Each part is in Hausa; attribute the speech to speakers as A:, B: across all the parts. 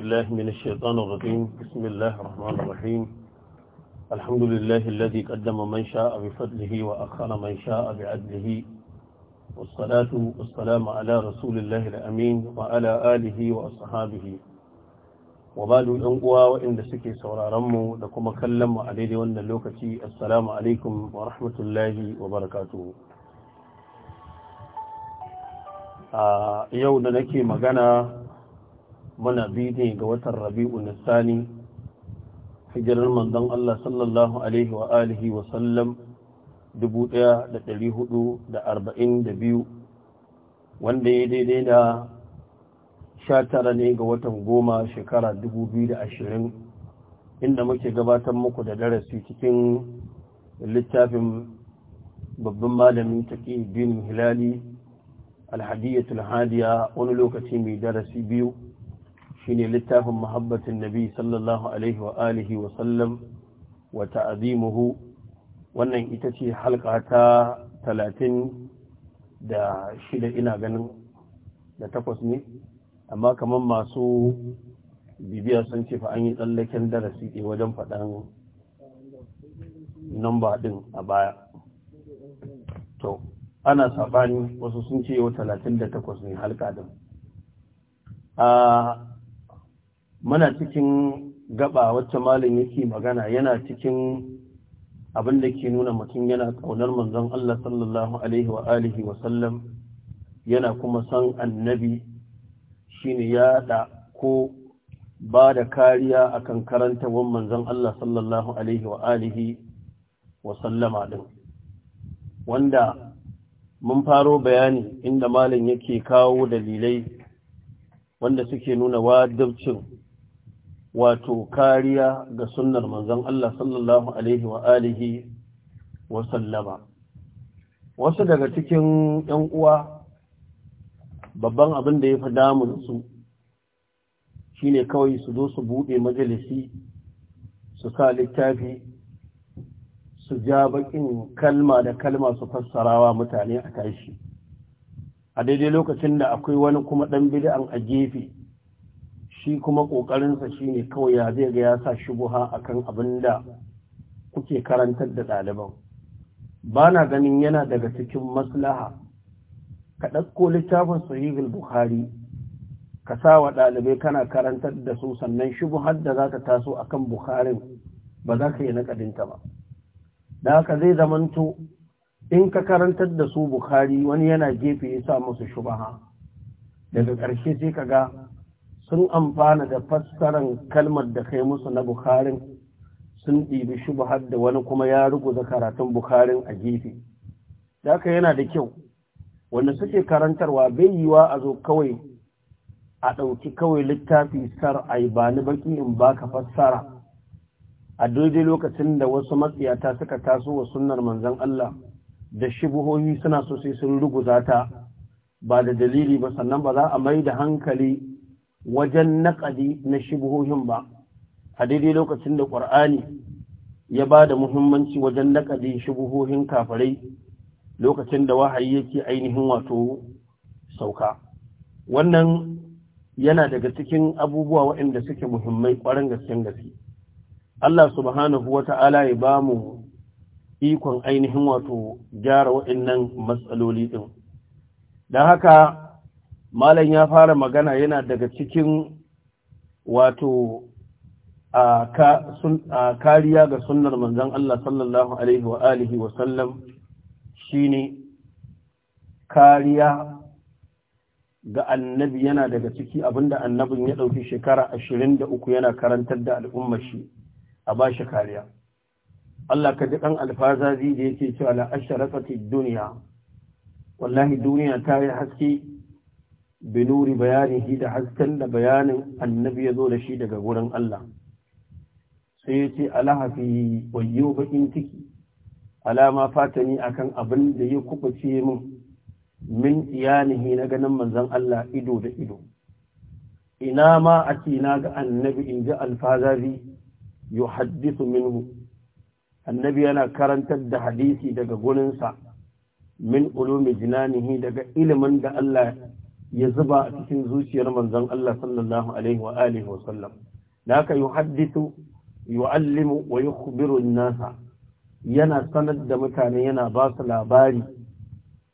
A: الله من الشيطان الرجيم بسم الله الرحمن الرحيم الحمد لله الذي قدم من شاء بفضله وأخر من شاء بعدله والصلاة والسلام على رسول الله الأمين وعلى آله وأصحابه وبعد الأنقوى وإن سكي سورا رمو لكم أكلم عليه وأن اللوكتي السلام عليكم ورحمة الله وبركاته a yau da nake magana muna biyu ga watan rabi'u nisani hijirar manzon Allah sallallahu alaihi wa alihi wa sallam 1442 wanda ya daidai da 19 ne ga watan goma shekara 2020 inda muke gabatar muku da darasi cikin littafin babban malamin taƙi bin hilali alhadiyatul hadiya wani lokaci mai darasi biyu shine littafin muhabbatin nabi sallallahu alaihi wa alihi wa sallam wa ta'azimuhu wannan ita ce halka ta talatin da shida ina ganin da takwas ne amma kamar masu bibiya sun ce fa an yi tsallaken darasi ne wajen faɗan namba ɗin a baya to ana saɓani wasu sun ce yau talatin da takwas ne halka ɗin ah, muna cikin gaba wacce malin yake magana yana cikin abin da ke nuna mutum yana ƙaunar manzon Allah sallallahu alaihi wa alihi wa sallam yana kuma san annabi shine ya da ko ba da kariya akan wan manzon Allah sallallahu alaihi wa alihi wa sallama din wanda mun faro bayani inda malin yake kawo dalilai wanda suke nuna wajibcin wato kariya ga sunnar manzon Allah sallallahu alaihi wa alihi wa sallama wasu daga cikin ‘yan uwa babban abin da ya fi damun su shine kawai su zo su buɗe majalisi su sa littafi su ja baƙin kalma da kalma su fassarawa mutane a tashi a daidai lokacin da akwai wani kuma ɗan bid'an a gefe shi kuma ƙoƙarinsa shi ne kawai ya zai ga ya sa shubuha kan abin da kuke karantar da ɗaliban ba na ganin yana daga cikin maslaha ka ɗauko littafin sahihul bukhari ka sa wa ɗalibai kana karantar da su sannan shubuhar da za ta taso a kan bukharin ba za ka yi naƙadinta ba da haka zai zamanto in ka karantar da su bukhari wani yana gefe ya sa musu shubaha daga ƙarshe sai ka ga sun amfana da fassaran kalmar da kai musu na bukharin sun ɗibi shubhar da wani kuma ya ruguza karatun bukharin a gefe daka yana da kyau wanda suke karantarwa bai yiwa a zo kawai a ɗauki kawai littafi sar ai ba ni baki in baka fassara a daidai lokacin da wasu matsiyata suka taso wa sunnar manzon Allah da shubhohi suna so sai sun ruguza ta ba da dalili ba sannan ba za a mai da hankali wajen naƙadi na shubuhohin ba a daidai lokacin da ƙwar'ani ya ba da muhimmanci wajen naƙadi shubuhohin kafarai lokacin da wahayi yake ainihin wato sauka wannan yana daga cikin abubuwa waɗanda suke muhimmai ƙwarin gaske gaske Allah subhanahu wata'ala ya ba mu ikon ainihin wato gyara waɗannan matsaloli ɗin don haka malam ya fara magana yana daga cikin wato a kariya ga sunnar manzon Allah sallallahu alaihi wa alihi wa sallam shine kariya ga annabi yana daga ciki abinda annabin ya dauki shekara 23 yana karantar da al'ummar shi a shi kariya Allah ka ji alfaza alfazazi da yake cewa la asharatati dunya wallahi duniya ta yi haske binuri shi da hasken da bayanin annabi ya zo da shi daga wurin Allah sai ya ce alahafi wayo bakin ciki alama fatani akan abin da ya ce min min iyanihi na ganin manzon Allah ido da ido ina ma a ce na ga annabi in ji alfazazi yuhaddisu minhu annabi yana karantar da hadisi daga gurinsa min ulumi jinanihi daga ilimin da Allah ya zuba a cikin zuciyar manzon Allah sallallahu alaihi wa alihi wa sallam yuhaddithu yu'allimu wa yukhbiru an-nasa yana sanar da mutane yana ba su labari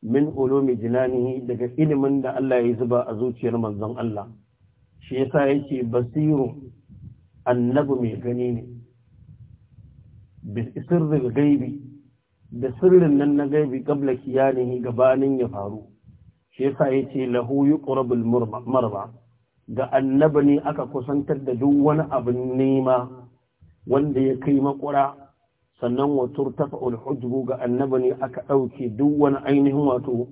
A: min ulumi jinanihi daga ilimin da Allah ya zuba a zuciyar manzon Allah shi yasa yake basiru annabi mai gani ne bisirrin gaibi da sirrin nan na gaibi kabla kiyanihi gabanin ya faru shefa yasa yace lahu yuqrabul marba ga annabi ne aka kusantar da duk wani abin nema wanda ya kai makura sannan wato tafa'ul hujbu ga annabi ne aka ɗauke duk wani ainihin wato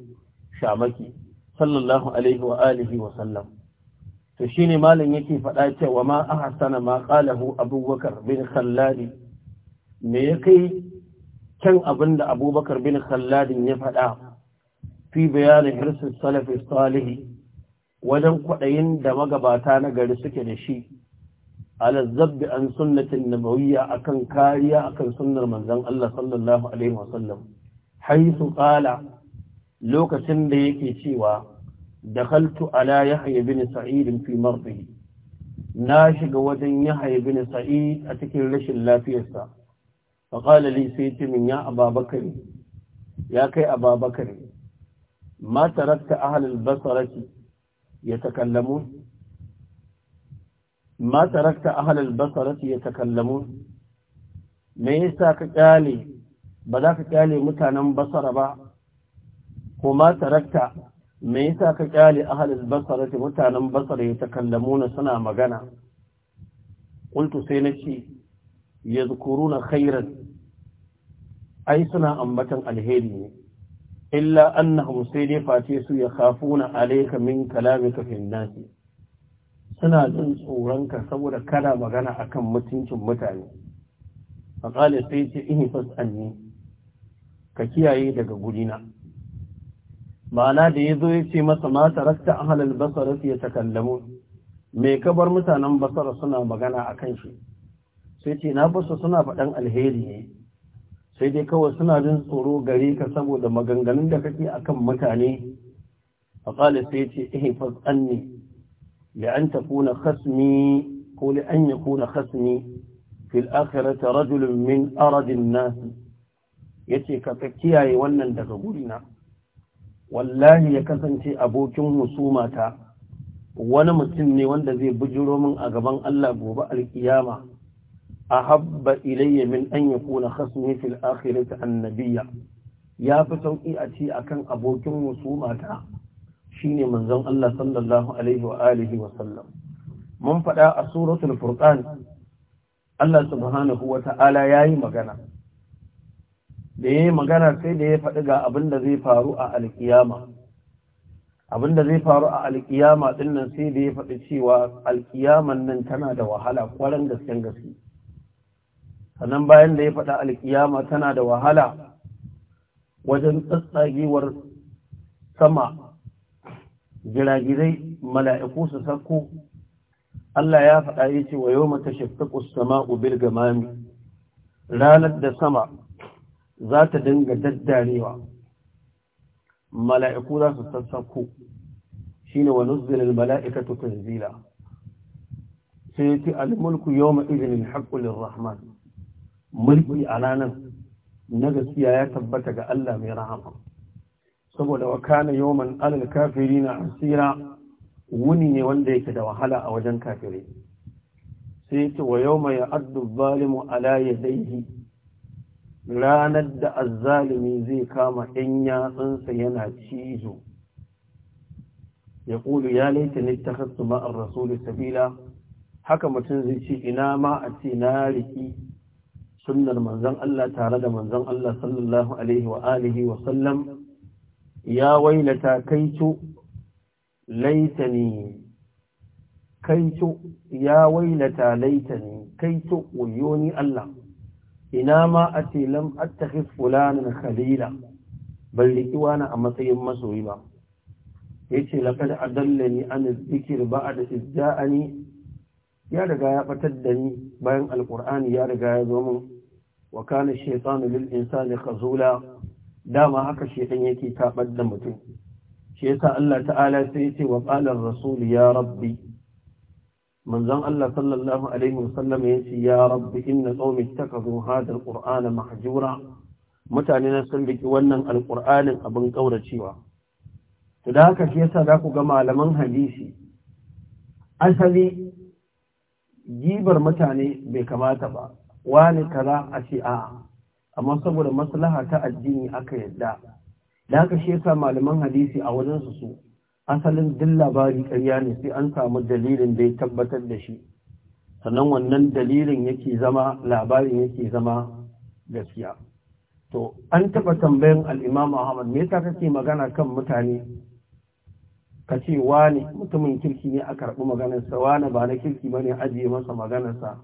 A: shamaki sallallahu alaihi wa alihi wa sallam to shine malam yake faɗa cewa ma Hassana ma qalahu abubakar bin khalladi me ya kai can abin da abubakar bin khalladin ya faɗa fi bayanin hirsin salafi salihi wajen kwaɗayin da magabata na gari suke da shi alazzabbi an sunnatin nabawiyya akan kariya akan sunnar manzon Allah sallallahu alaihi wasallam haythu lokacin da yake cewa dakhaltu ala yahya bin sa'id fi mardihi na shiga wajen yahya bin sa'id a cikin rashin lafiyarsa fa qala li sayyidi min ya ababakari ya kai ababakari ما تركت أهل البصرة يتكلمون ما تركت أهل البصرة يتكلمون يساك كتالي بداك كتالي متنم بصر با وما تركت يساك كتالي أهل البصرة متنم بصر يتكلمون سنا مغانا قلت سينشي يذكرون خيرا أي سنا أمتن الهيري illa annahum sai dai face su ya khafuna alayka min kalamika fil nasi suna jin tsoronka saboda kana magana akan mutuncin mutane faqala sai ce in fasanni ka kiyaye daga gurina ma'ana da yazo yace masa ma tarakta ahlal basara ya takallamu me kabar mutanen basara suna magana akan shi sai ce na basu suna faɗan alheri ne sai dai kawai suna jin tsoro gare ka saboda maganganun da kake akan mutane a sai ce ihe eh, fasanni da an tafuna khasmi ko da an ya kuna khasmi fil akhirata rajulun min aradin nasi ya ce ka kiyaye wannan daga gurina wallahi ya kasance abokin husumata wani mutum ne wanda zai bujiro min a gaban Allah gobe alkiyama ahabba ilayya min an yakuna khasmi fil ta annabiyya ya fi sauƙi a ci a kan abokin musuma ta shine manzon Allah sallallahu alaihi wa alihi wa sallam mun fada a suratul furqan Allah subhanahu yayi magana da yayi magana sai da ya fadi ga abin da zai faru a alkiyama abin zai faru a alkiyama dinnan sai da ya faɗi cewa alkiyaman nan tana da wahala kwarin gasken gaskiya sannan bayan da ya faɗa alkiyama tana da wahala wajen tsatsagewar sama jiragirai mala'iku su sakko Allah ya faɗa ya ce wa yau mata shafiƙus sama'u ubil gamami ranar da sama za ta dinga daddarewa mala'iku za su sassako shi ne wa mala’ika mala'ikatu zila sai ya ce al-mulku yau ma'izinin haƙulin rahman mulki a ranar na gaskiya ya tabbata ga Allah mai rahama saboda wa kana yawman alal kafirina asira wuni ne wanda yake da wahala a wajen kafirai sai yace wa yawma ya'addu zalimu ala yadayhi ranar da azzalimi zai kama ɗan yatsunsa yana cizo ya ƙulu ya laita ne ta hasu ma'ar rasulun sabila haka mutum zai ce ina ma a ce na riƙi sunnar manzon Allah tare da manzon Allah sallallahu alaihi wa alihi wa sallam ya wailata laitani kaitu ya wailata laitani kaitu wayoni Allah ina ma a telan attakhis fulanan khalila bal liwana a matsayin masoyi ba yace laqad adallani an da ba'da izda'ani ya riga ya batar da ni bayan alkur'ani ya riga ya zo min wa kana shaytanu lil insani khazula dama haka shaytan yake tabar da mutum shi yasa Allah ta'ala sai yace wa qala ar-rasul ya rabbi manzon Allah sallallahu alaihi wasallam yace ya rabbi inna qaumi ittakhadhu hadha al-qur'ana mahjura mutane na san riki wannan alkur'anin abin kauracewa to da haka shi yasa za ku ga malaman hadisi asali gibar mutane bai kamata ba wani kaza a ce a amma saboda maslaha ta addini aka yadda da ka shi malaman hadisi a wajen su su asalin duk labari ƙarya ne sai an samu dalilin da ya tabbatar da shi sannan wannan dalilin yake zama labarin yake zama gaskiya to an taɓa tambayan al'imam ahmad me yasa kake magana kan mutane ka ce wani mutumin kirki ne a karɓi maganarsa wani ba na kirki ba ne ajiye masa maganarsa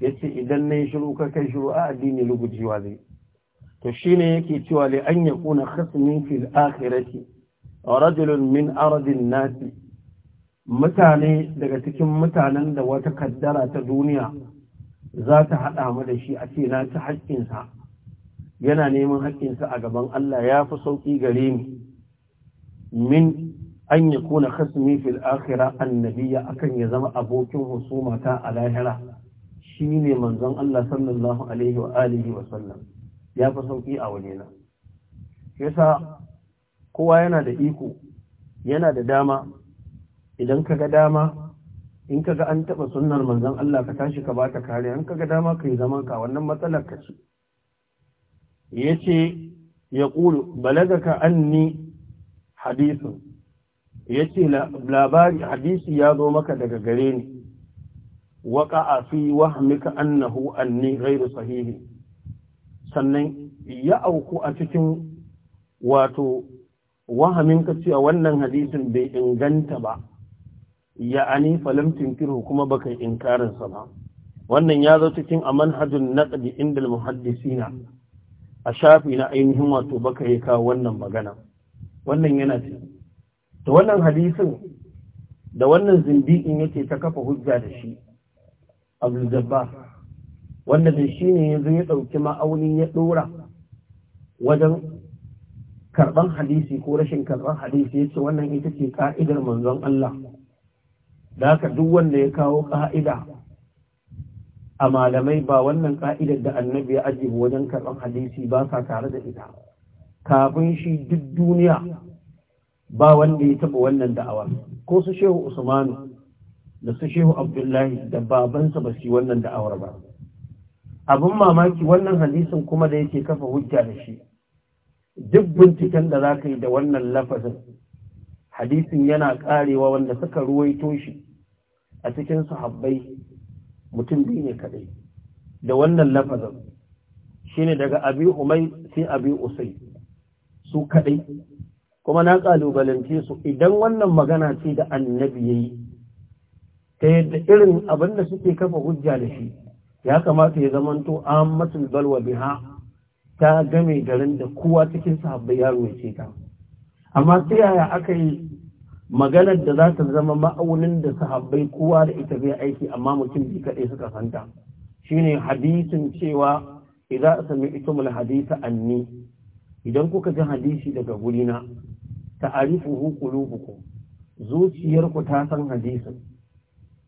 A: ya ce idan na yi shiru ka kai shiru a addini rugujewa zai to shi ne yake cewa li an ya kuna khasmin fil akhirati rajulun min aradin nasi mutane daga cikin mutanen da wata kaddara ta duniya za ta haɗa mu da shi a ce na ta haƙƙinsa yana neman haƙƙinsa a gaban Allah ya fi sauƙi gare ni min an kuna kasmi fil akhirah annabiyya akan ya zama abokin husuma ta a lahira shine manzon Allah sallallahu alaihi wa alihi wa sallam ya fi sauki a wajena yasa kowa yana da iko yana da dama idan ka ga dama in ka ga an taɓa sunnar manzon Allah ka tashi ka bata kariya in ka ga dama ka yi zaman ka wannan matsalar ka ce ya ce ya ƙulu balaga ka anni hadisin. ya ce labari hadisi ya zo maka daga gare ni waka a fi wahamika annahu anni ghairu sahihi sannan ya auku a cikin wato wahaminka cewa wannan hadisin bai inganta ba ya ani falamtin kirhu kuma baka inkarinsa ba wannan ya zo cikin a manhajin naqdi inda muhaddisina a shafi na ainihin wato baka yi kawo wannan magana wannan yana cikin to wannan hadisin da wannan zindi'in yake ta kafa hujja da shi abdul jabbar wanda da shi ne yanzu ya ɗauki ma'auni ya ɗora wajen karɓar hadisi ko rashin karɓar hadisi ya ce wannan ita ce ka'idar manzon Allah da haka duk wanda ya kawo ka'ida a malamai ba wannan ka'idar da annabi ya ajiye wajen karɓar hadisi ba sa tare da ita kafin shi duk duniya ba wanda ya taɓa wannan da'awar ko su shehu usmanu da su shehu abdullahi da babansa ba su yi wannan da'awar ba abin mamaki wannan hadisin kuma da yake kafa hujja da shi duk binciken da za ka yi da wannan lafazin hadisin yana karewa wanda suka ruwaito shi a cikin sahabbai mutum biyu ne kaɗai da wannan lafazin shine daga abi umai sai abi usai su kaɗai kuma na ƙalubalance su idan wannan magana ce da annabi ya yi ta yadda irin abin da suke kafa hujja da shi ya kamata ya an matsin balwa biha ta game garin da kowa cikin sahabbai yaro ya ce ta amma ta yaya aka yi maganar da za ta zama ma'aunin da sahabbai kowa da ita zai aiki amma mutum bi kaɗai suka santa shine hadisin cewa idza sami al hadisa anni idan kuka ji hadisi daga gurina ta'arifuhu qulubukum zuciyarku ta san hadisin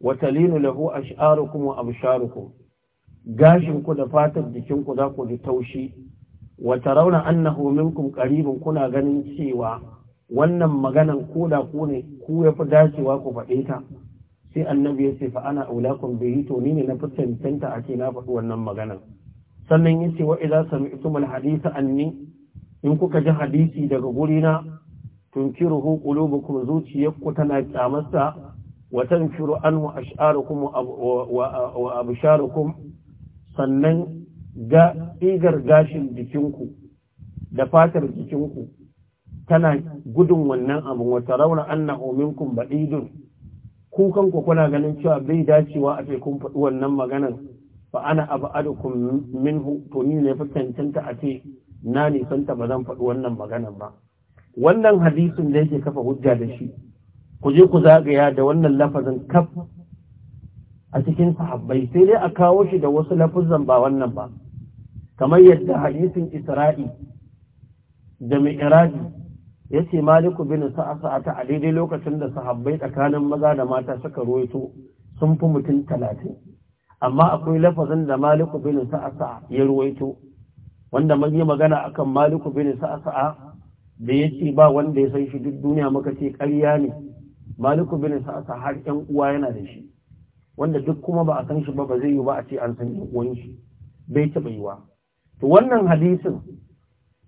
A: wa talinu lahu ash'arukum wa absharukum gashin ku da fatar jikin ku za ku ji taushi wa tarawna annahu minkum qaribun kuna ganin cewa wannan maganan koda ku ne ku yafi dacewa ku faɗe ta sai annabi ya ce fa ana aulakum bihi to ni ne na fi cancanta a ce na faɗi wannan maganan sannan ya ce wa idza sami'tum al hadisa anni in kuka ji hadisi daga gurina tunkiruhu qulubukum zuciyarku tana kyamarsa wa tanfiru anhu ash'arukum wa absharukum sannan ga igar gashin jikinku da fatar jikinku tana gudun wannan abun. wata tarawna annahu minkum ba'idun ku kuna ganin cewa bai dacewa a ce kun faɗi wannan maganar fa ana abadukum minhu to ni ne fi cancanta a ce na nisanta ba zan faɗi wannan maganar ba wannan hadisin da yake kafa hujja da shi ku je ku zagaya da wannan lafazin kaf a cikin sahabbai sai dai a kawo shi da wasu lafazan ba wannan ba kamar yadda hadisin isra'i da mi'raji ya ce maliku bin ta a daidai lokacin da sahabbai tsakanin maza da mata suka ruwaito sun fi mutum talatin amma akwai lafazin da maliku bin sa'asa ya ruwaito wanda mun yi magana akan maliku bin sa'asa da ya ce ba wanda ya san shi duk duniya maka ce ƙarya ne maliku bin sa'asa har ƴan uwa yana da shi wanda duk kuma ba a san shi ba ba zai yi ba a ce an san ƴan uwan shi bai taɓa yiwa to wannan hadisin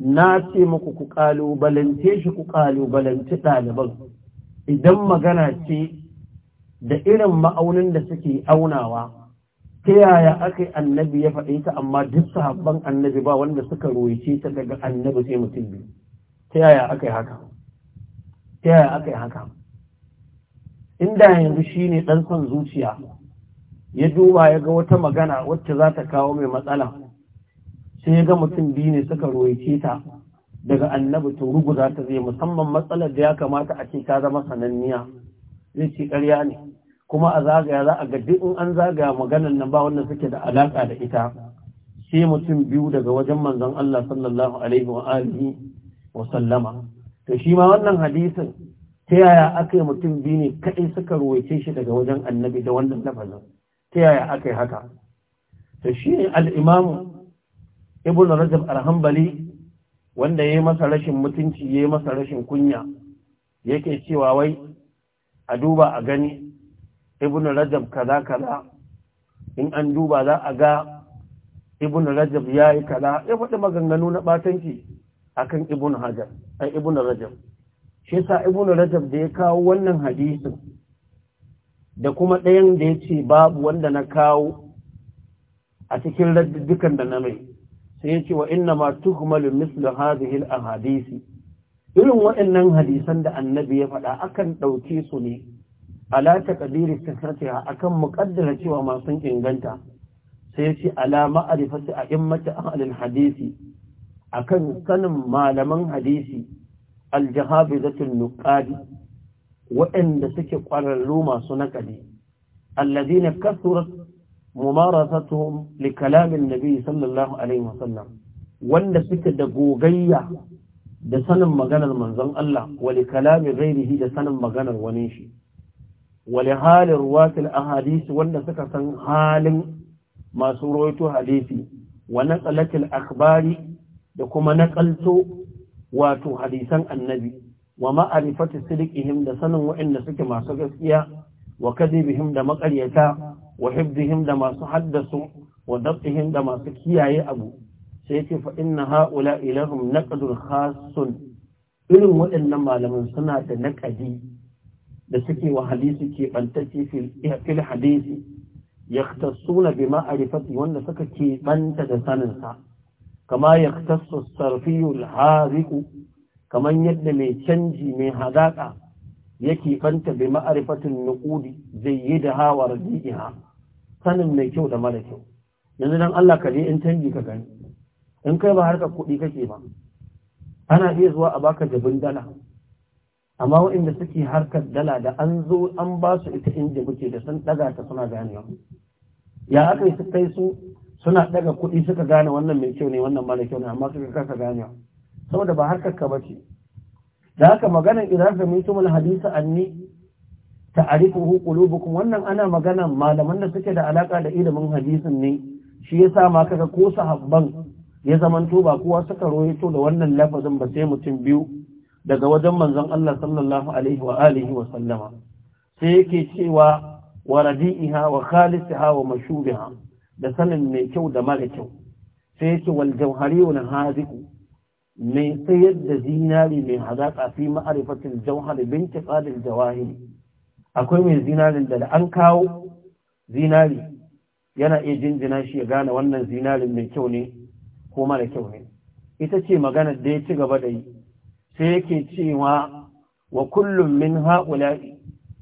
A: na ce maku ku ƙalubalance shi ku ƙalubalance ɗaliban idan magana ce da irin ma'aunin da suke aunawa ta yaya aka yi annabi ya faɗi ta amma duk sahabban annabi ba wanda suka roye ta daga annabi sai mutum biyu ta yaya aka yi haka ta yaya aka yi haka inda yanzu shi ne ɗan son zuciya ya duba ya ga wata magana wacce za ta kawo mai matsala sai ya ga mutum biyu ne suka roice ta daga annabi to za ta zai musamman matsalar da ya kamata a ce ta zama sananniya zai ce karya ne kuma a zagaya za a ga duk in an zagaya maganar nan ba wanda suke da alaƙa da ita sai mutum biyu daga wajen manzon Allah sallallahu alaihi wa alihi wa sallama to shi ma wannan hadisin ta yaya aka yi mutum biyu ne kaɗai suka ruwaice shi daga wajen annabi da wannan lafazin ta yaya aka yi haka to shi ne al'imamu ibn rajab alhambali wanda ya yi masa rashin mutunci ya yi masa rashin kunya yake cewa wai a duba a gani ibn rajab kaza kaza in an duba za a ga ibn rajab ya yi kaza ya faɗi maganganu na ɓatanci akan ibn hajar ai ibn rajab shi yasa ibn rajab da ya kawo wannan hadisin da kuma ɗayan da yace babu wanda na kawo a cikin raddukan da na mai sai ya ce wa inna ma tuhmalu mislu hadhihi al-ahadisi irin waɗannan hadisan da annabi ya faɗa akan ɗauke su ne ala taqdiri kasatiha akan muqaddara cewa masu inganta sai yace ala ma'rifati a'immati ahlil hadisi akan sanin malaman hadisi aljahabizatul nuƙadi waɗanda suke ƙwararru masu naƙali alladina kasurat mumarasatuhum li kalamin nabi sallallahu alaihi wasallam wanda suke da gogayya da sanin maganar manzon Allah wa li kalamin ghairihi da sanin maganar wani shi wa li halin ruwatil ahadisi wanda suka san halin masu rawaito hadisi wa naqalatil akhbari da kuma naƙalto wato hadisan annabi wa ma'arifatu sidqihim da sanin wa'anda suke masu gaskiya wa kadibihim da maƙaryata wa hibdihim da masu haddasu wa dabtihim da masu kiyaye abu sai ce fa inna haula ilahum naqdul khassun irin waɗannan malaman suna da naƙadi da suke wa hadisi ke bantacce fil hadisi yaktasuna bi ma'arifati wanda suka ke banta da saninsa kama ya tasu sarfiyul hariku kamar yadda mai canji mai hadaƙa yake fanta bi ma'arifatin nuqudi jayyida ha wa radiha sanin mai kyau da mara kyau yanzu dan Allah ka je in canji ka gani in kai ba harka kuɗi kake ba ana iya zuwa a baka jabin dala amma waɗanda suke harkar dala da an zo an ba su ita inda kuke da sun ɗaga ta suna ganewa ya aka yi su kai su suna daga kuɗi suka gane wannan mai kyau ne wannan mara kyau ne amma suka kasa ganewa saboda ba harkar ka ce. da haka magana idan samitumul hadisa anni ta'rifuhu qulubukum wannan ana magana malaman da suke da alaka da ilimin hadisin ne shi yasa ma kaga ko sahabban ya zamanto ba kowa suka royeto da wannan lafazin ba sai mutum biyu daga wajen manzon Allah sallallahu alaihi wa alihi wa sallama sai yake cewa wa radi'iha wa khalisiha wa mashubiha da sanin mai kyau da mara kyau sai yake wal jauhari wani haziku mai tsayar da zinari mai hazaƙa fi ma'arifatin jauhari bin tsadil jawahiri akwai mai zinarin da an kawo zinari yana iya jinjina shi ya gane wannan zinarin mai kyau ne ko mara kyau ne ita ce magana da ya ci gaba da yi sai yake cewa wa kullum min haƙula'i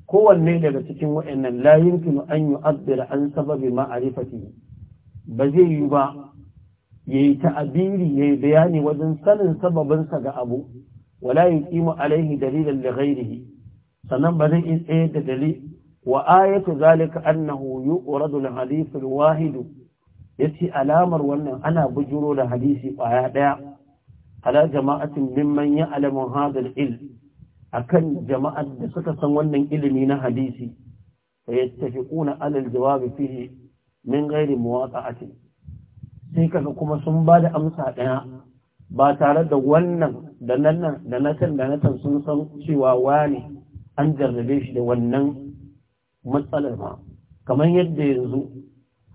A: kowanne daga cikin waɗannan la yumkinu an yu'abbira an sababi ma'rifatihi ba zai yi ba yayi ta'abiri yayi bayani wajen sanin sababinsa ga abu wala yuqimu alaihi dalilan da ghairihi sannan ba zai tsaye da dalil wa ayatu zalika annahu yuqradu al hadith al ya yace alamar wannan ana bujuro da hadisi kwaya ɗaya. ala jama'atin mimman ya'lamu alamun al ilm akan jama'ar da suka san wannan ilimi na hadisi ya tafi kuna alal jawabi fihi min ghairi muwaqa'atin sai kaga kuma sun ba da amsa daya ba tare da wannan da nan da nan da nan sun san cewa wani an jarrabe shi da wannan matsalar ma kamar yadda yanzu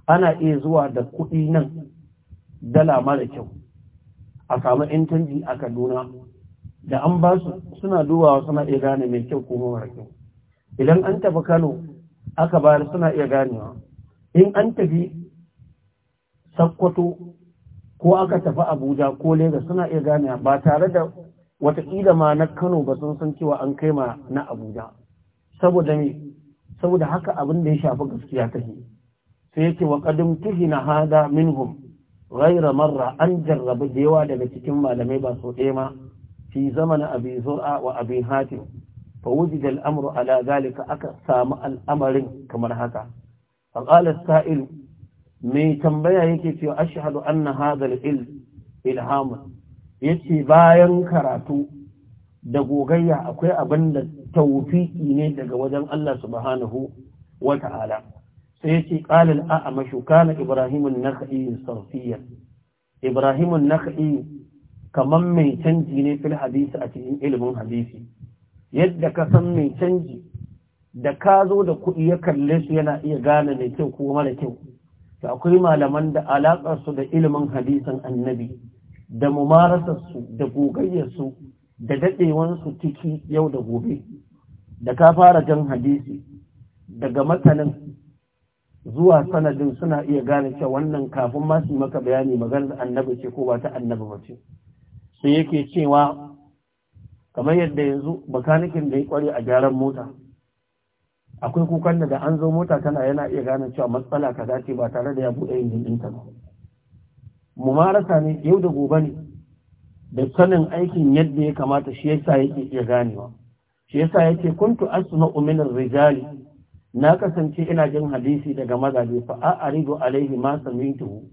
A: ana iya zuwa da kuɗi nan dala mara kyau a samu intanji a Kaduna da an ba su suna dubawa suna iya gane mai kyau ko mara kyau idan an tafi Kano aka bayar suna iya ganewa in an tafi Sakkwato ko aka tafi Abuja ko Lagos suna iya ganewa ba tare da watakila ma na Kano ba sun san cewa an kai ma na Abuja saboda ne saboda haka abin da ya shafi gaskiya take sai yake wa qadim tuhina hada minhum ghayra marra an jarraba da yawa daga cikin malamai ba so ɗaya ma في زمن أبي زرعة وأبي هاتم فوجد الأمر على ذلك أكا سامع الأمر كما هكا فقال السائل مي تنبيه يكي أشهد أن هذا العلم إلهام يتي باين كراتو دقوغيا أكوي أبند توفيقي نيدك وجن الله سبحانه وتعالى سيتي قال الأعمش كان إبراهيم النخعي صرفيا إبراهيم النخعي Kaman mai canji ne fil hadisi a cikin ilimin hadisi yadda ka san mai canji da ka zo da kuɗi ya kalle su yana iya gane mai kyau ko mara kyau da akwai malaman da alaƙar su da ilimin hadisin annabi da mumarasar su da gogayyar su da daɗewan su ciki yau da gobe da ka fara jan hadisi daga matanin zuwa sanadin suna iya gane cewa wannan kafin ma su maka bayani maganar annabi ce ko ba ta annabi ba ce sai yake cewa kamar yadda yanzu bakanikin da ya kware a gyaran mota akwai kukan da an zo mota tana yana iya gane cewa matsala ka dace ba tare da ya buɗe injin ɗinta ba marasa ne yau da gobe ne da sanin aikin yadda ya kamata shi yasa yake iya ganewa shi yasa yake kuntu asma'u min rijali na kasance ina jin hadisi daga mazaje fa a a'ridu alaihi ma samintu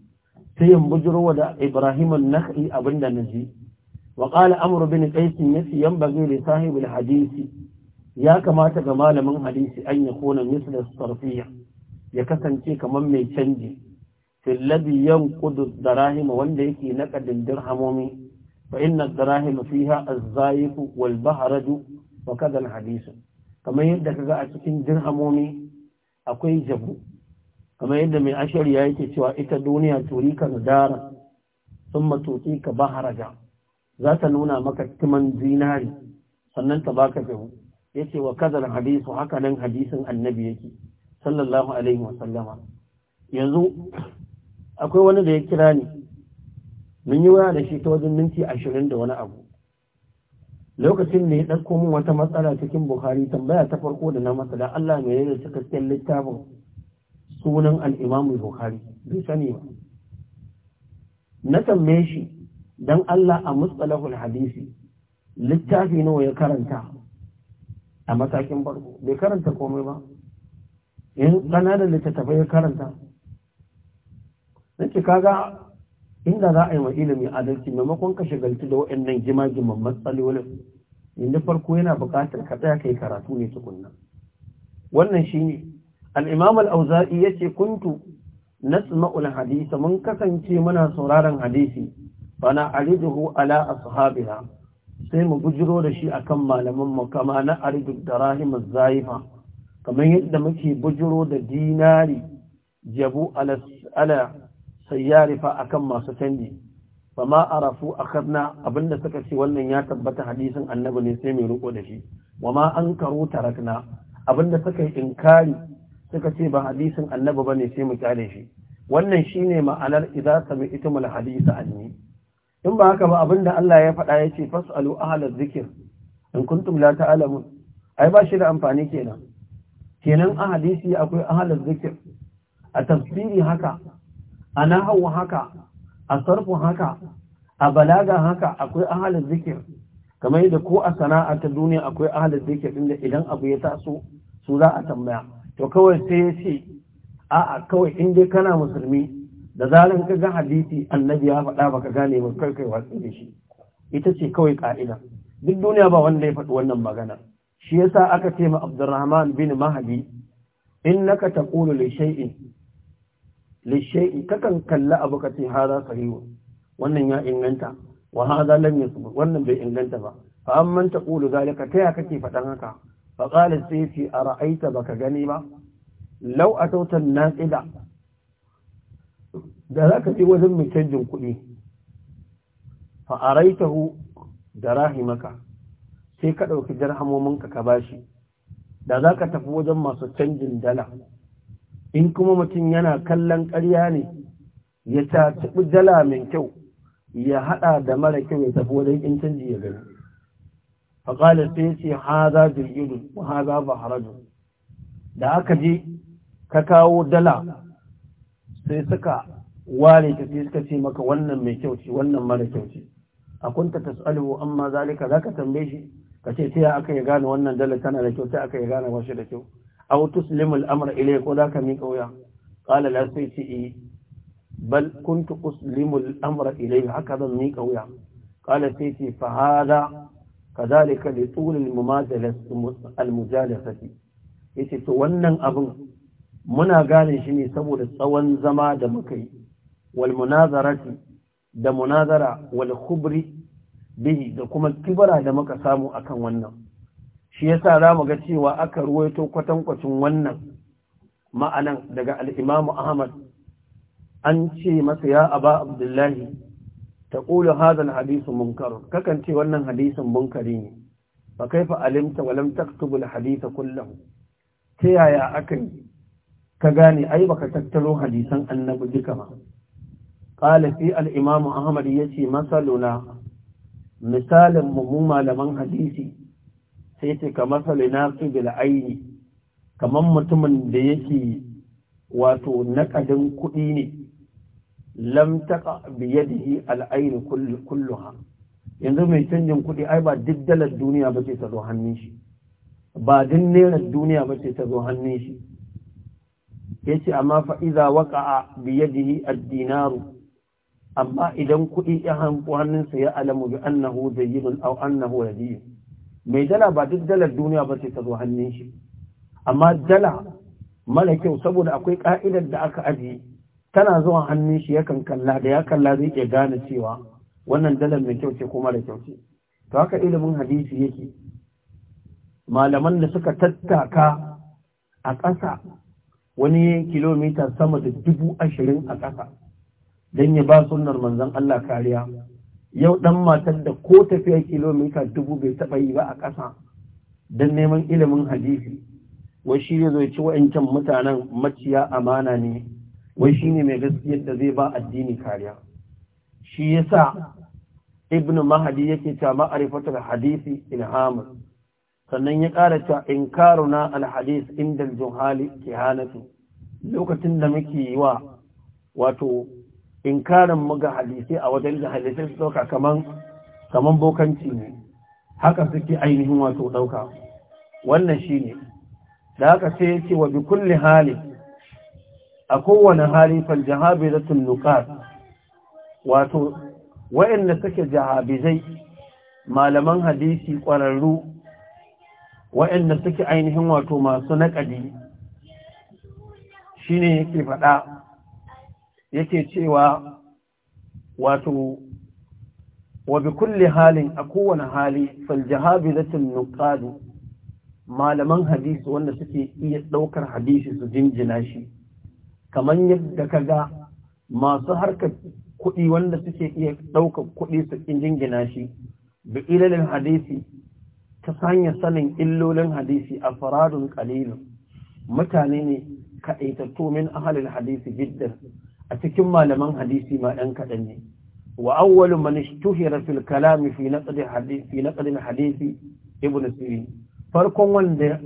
A: sai in bujurwa da Ibrahim an-Nakh'i abinda naji وقال أمر بن قيس مثل ينبغي لصاحب الحديث يا كما تجمال من حديث أن يكون مثل الصرفية يكسن شيء كمان مي تنجي في الذي ينقض الدراهم والذي نقد الدرهم فإن الدراهم فيها الزايف والبهرج وكذا الحديث كما يدك ذا أتكين درهمومي أكوي جبو كما يدى من أشر يأتي سواء إتا دنيا تريك ندارا ثم تؤتيك بهرجا za ta nuna maka timan zinari sannan ta baka Ya ce wa kazar hadisu haka nan hadisin annabi yake sallallahu alaihi wa sallama yanzu akwai wani da ya kira ni mun yi waya da shi ta wajen minti ashirin da wani abu lokacin da ya ɗauko min wata matsala cikin bukhari tambaya ta farko da na matsala allah mai yana cikakken littafin sunan al'imamu bukhari bai sani ba na tambaye shi dan Allah a mustalahul hadisi littafi nawa ya karanta a matakin farko bai karanta komai ba in da littattafai ya karanta nake kaga inda za a yi wa ilimi adalci maimakon ka shigalci da waɗannan jimagiman matsalolin inda farko yana buƙatar ka tsaya kai karatu ne tukunna wannan shine al-imam al-auza'i yace kuntu nasma'ul hadisa mun kasance muna sauraron hadisi fana ariduhu ala ashabina sai mu bujiro da shi akan malaman mu kama na aridu darahim zaifa kamar yadda muke bujiro da dinari jabu ala ala sayyarifa akan masu canji fama arafu akhadna abinda suka ce wannan ya tabbata hadisin annabi ne sai mai riko da shi wama ankaru tarakna abinda suka yi inkari suka ce ba hadisin annabi bane sai mu kare shi wannan shine ma'anar idza sami'tumul hadisa anni in ba haka ba abinda Allah ya faɗa ya ce fasalu ahlaz zikir in kuntum la ta'lamun ai ba shi da amfani kenan kenan a hadisi akwai ahlaz zikir a tafsiri haka a nahwu haka a sarfu haka a balaga haka akwai ahalar zikir kamar yadda ko a sana'a ta duniya akwai ahalar zikir inda idan abu ya taso su za a tambaya to kawai sai ya ce a'a kawai in dai kana musulmi da zalin ka ga hadisi annabi ya faɗa baka gane ba kai kai watsi da shi ita ce kawai ka'ida duk duniya ba wanda ya faɗi wannan magana shi yasa aka ce ma Abdurrahman bin Mahdi innaka taqulu li shay'in li shay'in kakan kalla abu kace hada sahihu wannan ya inganta wa hada lam yasbu wannan bai inganta ba fa amman taqulu zalika kai kake faɗan haka fa qala sayfi ara'aita baka gani ba law atawta an-naqida da za ka je wajen mai canjin kuɗi fa'araitahu da rahimaka sai ka ɗauki dirhamominka ka ka bashi da za ka tafi wajen masu canjin dala in kuma mutum yana kallon ƙarya ne ya taɓi dala mai kyau ya haɗa da mara kyau ya tafi wajen in canji ya gani faƙalar sai ce haza jirgin haza ba da aka je ka kawo dala sai suka ware ta sai suka ce maka wannan mai kyau ce wannan mara kyau ce a kunta tas'aluhu amma zalika zaka tambaye shi ka ce ta aka ya gane wannan dalar tana da kyau ta aka ya gane wasu da kyau aw tuslimul amra ilayhi ko zaka mi kauya qala la sai ce eh bal kuntu uslimul amra ilayhi haka zan mi kauya qala sai ce fa hada mu li da al mumazalah Ya yace to wannan abun muna gane shi ne saboda tsawon zama da muka yi wal da munazara wal bihi da kuma kibara da muka samu akan wannan shi yasa za mu ga cewa aka ruwaito kwatankwacin wannan ma'anan daga al-Imam Ahmad an ce masa ya aba abdullahi ta ƙulu hazan hadisu munkar kakan ce wannan hadisin munkari ne ba kai fa alimta walam taktubul hadisa kullum ta yaya aka yi ka gane ai baka tattaro hadisan annabi duka ba qala fi al-imam ahmad yace masaluna misalin mu malaman hadisi sai ce ka masalina fi bil aini kamar mutumin da yake wato naƙadin kuɗi ne lam taqa bi yadihi al kulluha yanzu mai canjin kuɗi ai ba diddalar duniya ba ce ta zo hannun shi ba duk duniya ba ce ta zo hannun shi yace amma fa iza waqa'a bi yadihi ad-dinaru amma idan kuɗi ya hanku hannunsa ya alamu bi annahu zayyidun aw annahu radiyun mai dala ba duk dalar duniya ba sai ta zo hannun shi amma dala mara kyau saboda akwai ka'idar da aka ajiye tana zuwa hannun shi yakan kalla da ya kalla zai iya gane cewa wannan dalar mai kyau ce ko mara kyau ce to haka ilimin hadisi yake malaman da suka tattaka a ƙasa wani kilomita sama da dubu ashirin a ƙasa don ya ba sunnar manzon Allah kariya yau ɗan matar da ko tafiya kilomita dubu bai taɓa yi ba a ƙasa don neman ilimin hadisi wai shi ne zai ci wa'ancan mutanen maciya amana ne wai shi ne mai gaskiyar da zai ba addini kariya shi yasa ibnu mahadi yake ta ma'arifatar hadisi in sannan ya ƙara cewa in na alhadis inda juhali kihanatu lokacin da muke yi wa wato in karin muga hadisai a wajen da hadisi su ɗauka kaman kaman bokanci ne haka suke ainihin wato ɗauka wannan shi ne da haka sai ya ce wa bi kulli hali a kowane hali fal jahabizatul nuqat wato da suke jahabizai malaman hadisi ƙwararru waɗanda suke ainihin wato masu naƙadi shine yake faɗa yake cewa wato wa bi kulli halin a kowane hali fal zatin nukadu malaman hadisi wanda suke iya ɗaukar hadisi su jinjina shi kamar yadda ka ga masu harkar kuɗi wanda suke iya ɗaukar kuɗi su jinjina shi bi ilalin hadisi ta hanyar sanin illolin hadisi a faradun kalilun mutane ne kaɗaitattu min ahalin hadisi jiddan a cikin malaman hadisi ma ɗan kaɗan ne wa awwalu man ishtuhira fil kalami fi naqd hadisi fi naqd hadisi ibn sirin farkon wanda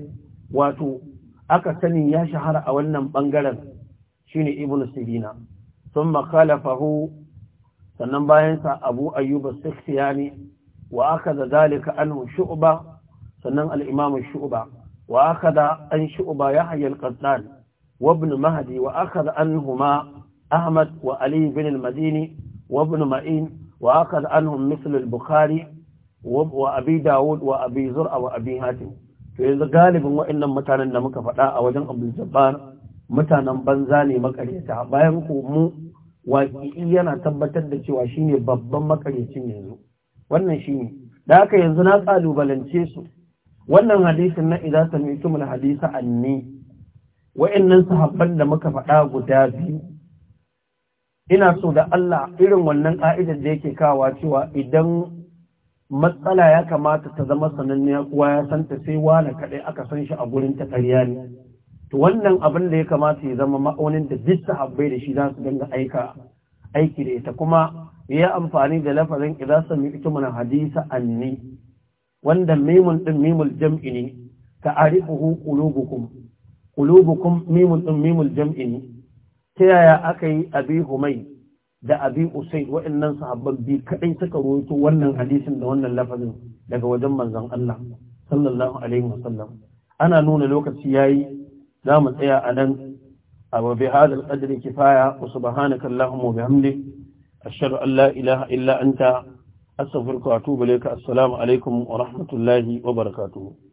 A: wato aka sani ya shahara a wannan bangaren shine ibn sirina thumma khalafahu sannan bayan sa abu ayyub as-sikhtiyani wa akhadha zalika anhu shu'ba sannan al-imam shu'ba wa akhadha an shu'ba yahya al-qattan wa ibn mahdi wa akhadha anhuma ahmad wa ali bin al-madini wa ibn ma'in wa akhadha anhum al-bukhari wa abi dawud wa abi zur'a wa abi hatim to yanzu galibin waɗannan mutanen da muka faɗa a wajen Abdul Jabbar mutanen banza ne makaryata bayan ko mu waƙi yana tabbatar da cewa shine babban makaryacin yanzu wannan shi ne da haka yanzu na ƙalubalance su wannan hadisin na idan sami'tum tumul hadisa anni wa'annan sahabban da muka faɗa guda biyu ina so da Allah irin wannan ka'idar da yake kawa cewa idan matsala ya kamata ta zama sananniya kuwa ya san ta sai wani kaɗai aka san shi a gurin ta ƙarya ne to wannan abin da ya kamata ya zama ma'aunin da duk sahabbai da shi za su dinga aika aiki da ita kuma ya amfani da lafazin idza sami'tu min hadisa anni wanda mimun din mimul jam'i ne ta'arifuhu qulubukum qulubukum mimun din mimul jam'i ne ta yaya aka yi abi humay da abi usayd wa'annan sahabban bi kadai suka rawaito wannan hadisin da wannan lafazin daga wajen manzon Allah sallallahu alaihi wasallam ana nuna lokaci yayi za mu tsaya a nan abu bi hadal qadri kifaya wa subhanaka allahumma wa bihamdik ashhadu an la ilaha illa anta astaghfiruka wa atubu ilayka assalamu alaikum wa rahmatullahi wa barakatuh